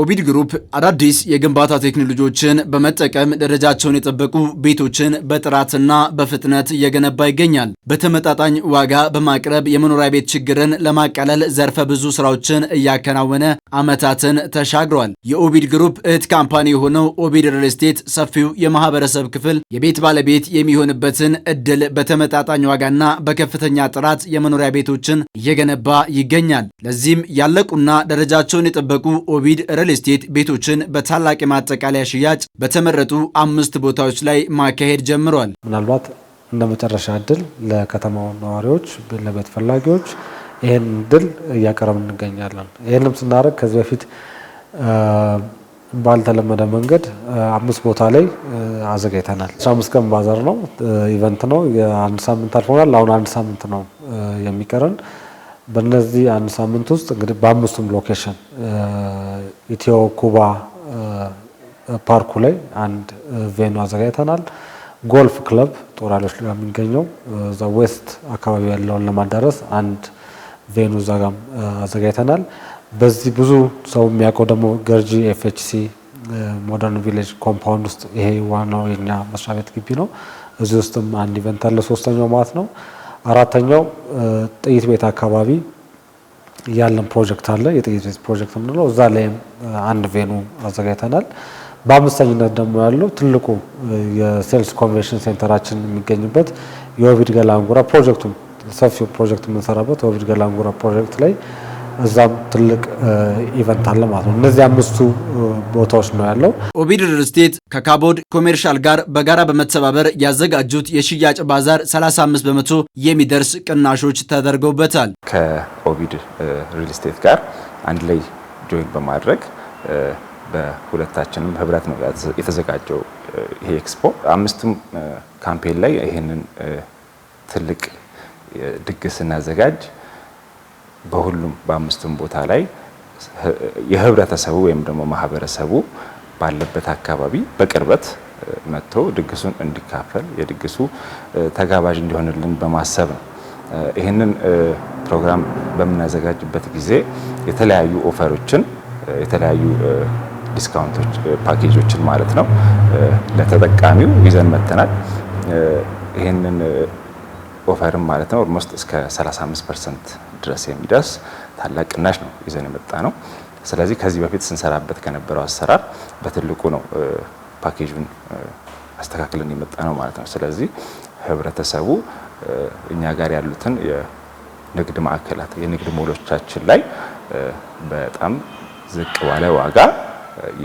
ኦቢድ ግሩፕ አዳዲስ የግንባታ ቴክኖሎጂዎችን በመጠቀም ደረጃቸውን የጠበቁ ቤቶችን በጥራትና በፍጥነት እየገነባ ይገኛል። በተመጣጣኝ ዋጋ በማቅረብ የመኖሪያ ቤት ችግርን ለማቃለል ዘርፈ ብዙ ስራዎችን እያከናወነ ዓመታትን ተሻግሯል። የኦቢድ ግሩፕ እህት ካምፓኒ የሆነው ኦቢድ ሪል ስቴት ሰፊው የማህበረሰብ ክፍል የቤት ባለቤት የሚሆንበትን እድል በተመጣጣኝ ዋጋና በከፍተኛ ጥራት የመኖሪያ ቤቶችን እየገነባ ይገኛል። ለዚህም ያለቁና ደረጃቸውን የጠበቁ ኦቢድ ሪል ስቴት ቤቶችን በታላቅ የማጠቃለያ ሽያጭ በተመረጡ አምስት ቦታዎች ላይ ማካሄድ ጀምሯል። ምናልባት እንደ መጨረሻ እድል ለከተማው ነዋሪዎች፣ ለቤት ፈላጊዎች ይህን እድል እያቀረብን እንገኛለን። ይህንም ስናደርግ ከዚህ በፊት ባልተለመደ መንገድ አምስት ቦታ ላይ አዘጋጅተናል። አስራ አምስት ቀን ባዘር ነው ኢቨንት ነው። የአንድ ሳምንት አልፎናል። አሁን አንድ ሳምንት ነው የሚቀረን። በእነዚህ አንድ ሳምንት ውስጥ እንግዲህ በአምስቱም ሎኬሽን ኢትዮ ኩባ ፓርኩ ላይ አንድ ቬኑ አዘጋጅተናል። ጎልፍ ክለብ ጦር ኃይሎች ጋር የሚገኘው እዛ ዌስት አካባቢ ያለውን ለማዳረስ አንድ ቬኑ እዛ ጋም አዘጋጅተናል። በዚህ ብዙ ሰው የሚያውቀው ደግሞ ገርጂ ኤፍኤችሲ ሞደርን ቪሌጅ ኮምፓውንድ ውስጥ ይሄ ዋናው የኛ መስሪያ ቤት ግቢ ነው። እዚህ ውስጥም አንድ ኢቨንት አለ። ሶስተኛው ማለት ነው። አራተኛው ጥይት ቤት አካባቢ ያለን ፕሮጀክት አለ። የጥቂት ፕሮጀክት የምንለው እዛ ላይም አንድ ቬኑ አዘጋጅተናል። በአምስተኝነት ደግሞ ያለው ትልቁ የሴልስ ኮንቬንሽን ሴንተራችን የሚገኝበት የኦቪድ ገላንጉራ ፕሮጀክቱ ሰፊው ፕሮጀክት የምንሰራበት ኦቪድ ገላንጉራ ፕሮጀክት ላይ እዛም ትልቅ ኢቨንት አለ ማለት ነው። እነዚህ አምስቱ ቦታዎች ነው ያለው። ኦቢድ ሪል ስቴት ከካቦድ ኮሜርሻል ጋር በጋራ በመተባበር ያዘጋጁት የሽያጭ ባዛር 35 በመቶ የሚደርስ ቅናሾች ተደርገውበታል። ከኦቢድ ሪል ስቴት ጋር አንድ ላይ ጆይን በማድረግ በሁለታችንም ህብረት ነው የተዘጋጀው ይሄ ኤክስፖ። አምስቱም ካምፔን ላይ ይህንን ትልቅ ድግስ ስናዘጋጅ በሁሉም በአምስቱም ቦታ ላይ የህብረተሰቡ ወይም ደግሞ ማህበረሰቡ ባለበት አካባቢ በቅርበት መጥቶ ድግሱን እንዲካፈል የድግሱ ተጋባዥ እንዲሆንልን በማሰብ ነው። ይህንን ፕሮግራም በምናዘጋጅበት ጊዜ የተለያዩ ኦፈሮችን የተለያዩ ዲስካውንቶች፣ ፓኬጆችን ማለት ነው ለተጠቃሚው ይዘን መጥተናል። ይህንን ኦፈርም ማለት ነው ኦልሞስት እስከ 35 ፐርሰንት ድረስ የሚደርስ ታላቅ ቅናሽ ነው ይዘን የመጣ ነው። ስለዚህ ከዚህ በፊት ስንሰራበት ከነበረው አሰራር በትልቁ ነው ፓኬጁን አስተካክለን የመጣ ነው ማለት ነው። ስለዚህ ህብረተሰቡ እኛ ጋር ያሉትን የንግድ ማዕከላት የንግድ ሞሎቻችን ላይ በጣም ዝቅ ባለ ዋጋ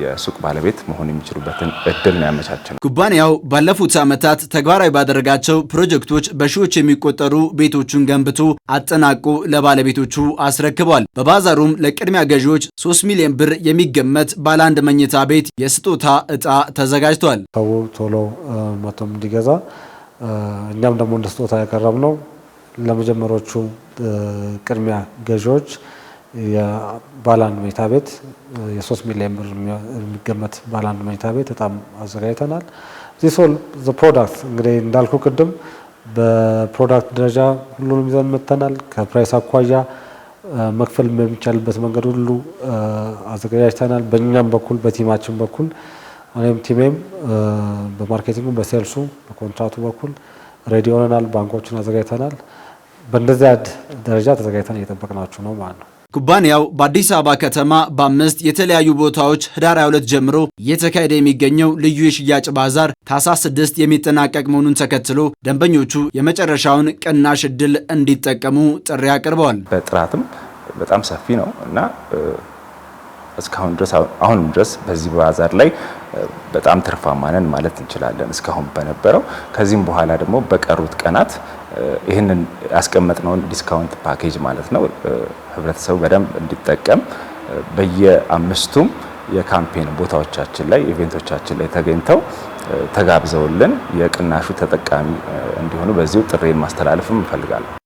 የሱቅ ባለቤት መሆን የሚችሉበትን እድል ነው ያመቻቸነው። ኩባንያው ባለፉት ዓመታት ተግባራዊ ባደረጋቸው ፕሮጀክቶች በሺዎች የሚቆጠሩ ቤቶቹን ገንብቶ አጠናቆ ለባለቤቶቹ አስረክቧል። በባዛሩም ለቅድሚያ ገዢዎች 3 ሚሊዮን ብር የሚገመት ባለ አንድ መኝታ ቤት የስጦታ እጣ ተዘጋጅቷል። ሰው ቶሎ መቶም እንዲገዛ እኛም ደግሞ እንደ ስጦታ ነው። ለመጀመሪያዎቹ ቅድሚያ ገዢዎች የባላንድ መኝታ ቤት የሶስት ሚሊዮን ብር የሚገመት ባላንድ መኝታ ቤት በጣም አዘጋጅተናል። ዚስ ኦል ዘ ፕሮዳክት እንግዲህ እንዳልኩ ቅድም በፕሮዳክት ደረጃ ሁሉንም ይዘን መጥተናል። ከፕራይስ አኳያ መክፈል በሚቻልበት መንገድ ሁሉ አዘጋጅተናል። በእኛም በኩል በቲማችን በኩል እኔም ቲሜም በማርኬቲንጉ፣ በሴልሱ፣ በኮንትራቱ በኩል ሬዲ ሆነናል። ባንኮችን አዘጋጅተናል። በእንደዚያ ደረጃ ተዘጋጅተን እየጠበቅናችሁ ነው ማለት ነው። ኩባንያው በአዲስ አበባ ከተማ በአምስት የተለያዩ ቦታዎች ህዳር 22 ጀምሮ እየተካሄደ የሚገኘው ልዩ የሽያጭ ባዛር ታህሳስ 6 የሚጠናቀቅ መሆኑን ተከትሎ ደንበኞቹ የመጨረሻውን ቅናሽ እድል እንዲጠቀሙ ጥሪ አቅርበዋል። በጥራትም በጣም ሰፊ ነው እና እስካሁን ድረስ አሁን ድረስ በዚህ ባዛር ላይ በጣም ትርፋማ ነን ማለት እንችላለን እስካሁን በነበረው። ከዚህም በኋላ ደግሞ በቀሩት ቀናት ይህንን ያስቀመጥነውን ዲስካውንት ፓኬጅ ማለት ነው ህብረተሰቡ በደንብ እንዲጠቀም በየአምስቱም የካምፔን ቦታዎቻችን ላይ ኢቬንቶቻችን ላይ ተገኝተው ተጋብዘውልን የቅናሹ ተጠቃሚ እንዲሆኑ በዚሁ ጥሬን ማስተላለፍም እንፈልጋለን።